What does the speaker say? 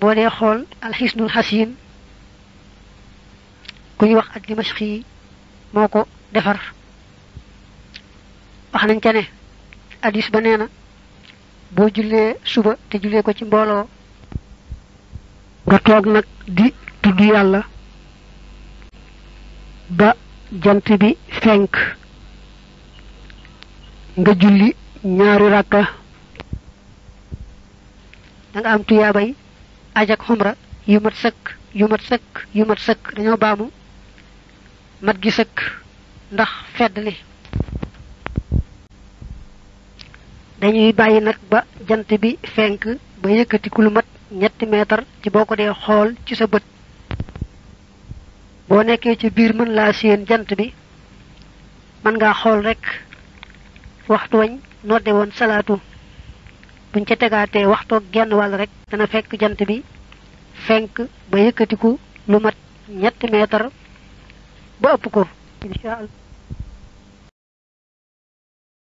boo dee xool alxisnul xasin ku ñu wax ak dimashki moo ko defar wax nañ ca ne hadis ba nee na boo suba te jullee ko ci mbooloo nga toog di tudd yàlla ba jant bi fenk nga julli ñaari rakka da nga am tuyaabay ajak humra yu mat sekk yu mat sekk yu mat sekk dañoo baamu mat gi sekk ndax fedd li dañuy bàyyi nag ba jant bi fenk ba yëkkati kulu mat ñetti meetar ci boo ko dee xool ci sa bët boo nekkee ci biir mën laa seen jant bi man ngaa xool rek waxtu wañ nodde salaatu buñ ca tegaatee waxtoog genn wàll rek dana fekk jant bi fenk ba yëkkatiku lu mat ñetti meetar ba ëpp ko incha allah